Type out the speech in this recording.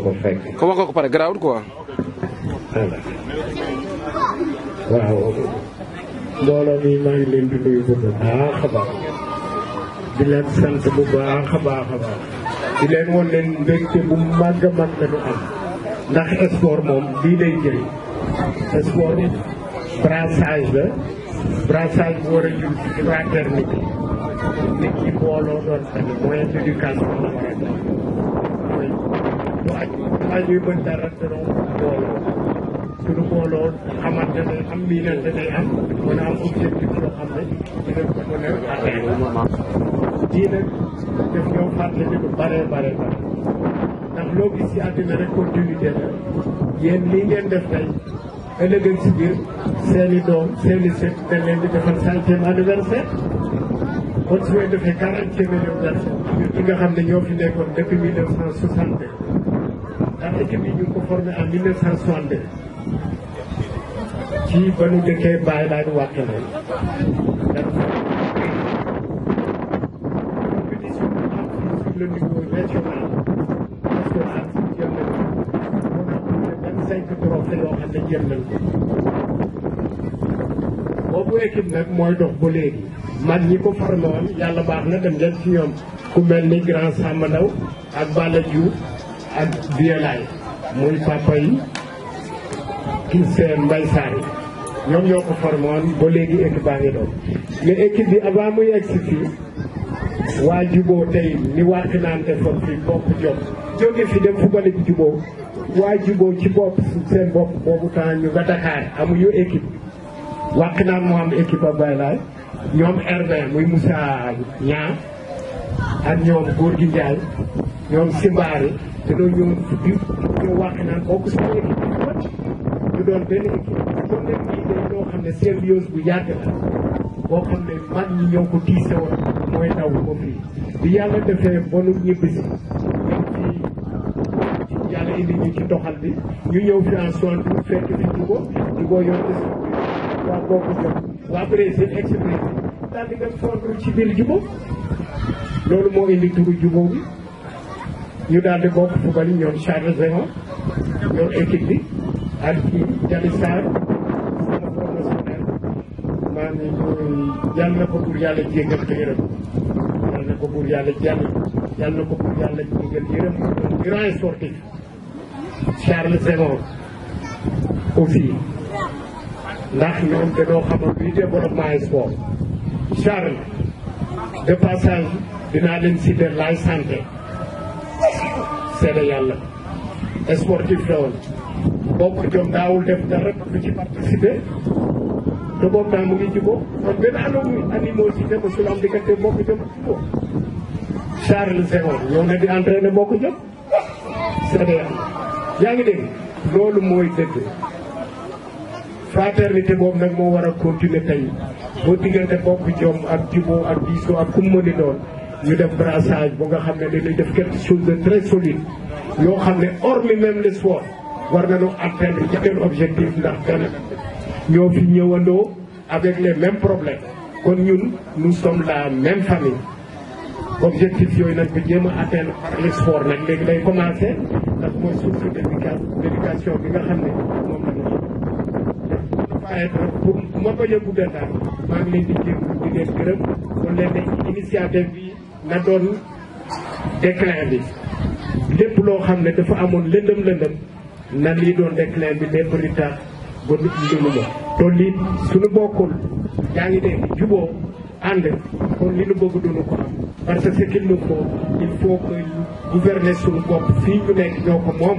doo ko fekk. comme nga ko pare garaawul quoi. waaw. mbooloo mi maa ngi leen di nuyu bu baax baax di leen sant bu baax a baax a baax di leen woon leen mbégte bu màgg a màgg lañu am ndax sport moom lii day jëriñ sport brassage brassage bu war a jur ci fraternité nit ñi booloo doon tamit moyen d'éducation la war a def ko aj aj dara te doo suñu booloo xamante ne am miinante day am mën a am objectif yoo a atteindre lii def ñëw fàttali ñu lu bare bare bare ndax loo gis ci àddina rek continuité la yéen lii ngeen def tey ëllëgën si biir doom seen i sët leen di defal centième anniversaire kon su may defee quarantième anniversaire ñun ki nga xam ne ñoo fi nekkoon depuis mille cent soixante daanaka bi ñu ngi ko formé en 1962 ci ba nu dëkkee bàyyi laa ñu wàq na compétition sur le niveau régional national jël nañ ko mu am vingt cinq trophées yoo xam ne jël nañ ko boobu équipe nag mooy dox ba léegi mag ñi ko formé woon yàlla baax na dem ngeen ci ñoom ku mel ni grand Samba Ndaw ak Balla Diouf ak Violaay muy papa yi seen Mbay Saar ñoom ñoo ko formé woon ba léegi équipe baa ngi doon mais équipe bi avant muy egsi fii waa juboo tey ni waa naan defoon fii bopp jom jóge fi dem football bi juboo waa juboo ci bopp seen bopp boobu temps ñu nga amuñu équipe wàq naan moo am équipe a Baylaay ñoom RB muy Moussa Niang ak ñoom góor gi Ndiaye ñoom Simbaare te ñoo ñëwoon si biir ñoo naan bokk si benn équipe ñu doon benn équipe kon nag lii day loo xam ne symbiose bu yàgg la boo xam ne mag ñi ñoo ko diise mooy taw ba fii. bi yàlla defee bonu ñibbisi yàlla indi ñu ci doxal bi ñu ñëw fi en soixante bu fekk fi ñu ko di si waa bokk jot waa Brésil ex-Brésil daal di dem ci biir ji loolu moo indi turu jubóo bi ñu daal di bokk ñoom Charles Zéhan ñoom équipe bi ak kii Jali Sarr sama promotionnaire maa ngi yàlla na ko pour yàlla jéggal te yërëm yàlla na ko pour yàlla jàll yàlla ko pour yàlla jéggal yërëm un grand sportif Charles Zéhan aussi ndax ñoom dañoo xamal luy développement sport Charles de passage dinaa leen citer laay santé seede yàlla sportif la woon bokk jom daawul def dara du ci participer te boobu daal mu ngi jubóo kon benn anam animosité mosul am diggante bokk jom jubóo Charles Senghor ñëw na di entraîné bokk jom seede yàlla yaa ngi dégg loolu mooy dëgg fraternité boobu nag moo war a continuer tey bu diggante bokk jom ak jubóo ak diisoo ak kum mëni doon ñu def brassage bu nga xam ne dañuy def quelque chose de très solide yoo xam ne hormis même le sport war nañu atteindre ci seen objectif ndax benn ñoo fi ñëwandoo avec les mêmes problèmes kon ñun nous sommes la même famille objectif yooyu nag bi jéem a atteindre par le sport nag léegi day commencé ndax mooy source d'éducation bi nga xam ne xaye trop pour ma bañ a guddal daal maa ngi leen di jégalu di leen gërëm kon leen ne initiative bi na doon déclin bi lépp loo xam ne dafa amoon lëndëm lëndëm na lii doon déclin bi lépp li tax ba nit ma te lii bokkul yaa ngi dégg juboo ànd kon li nu bëgg duñu ko parce que ce qu'il nous il faut que gouverner suñu bopp fii ñu nekk ñoo ko moom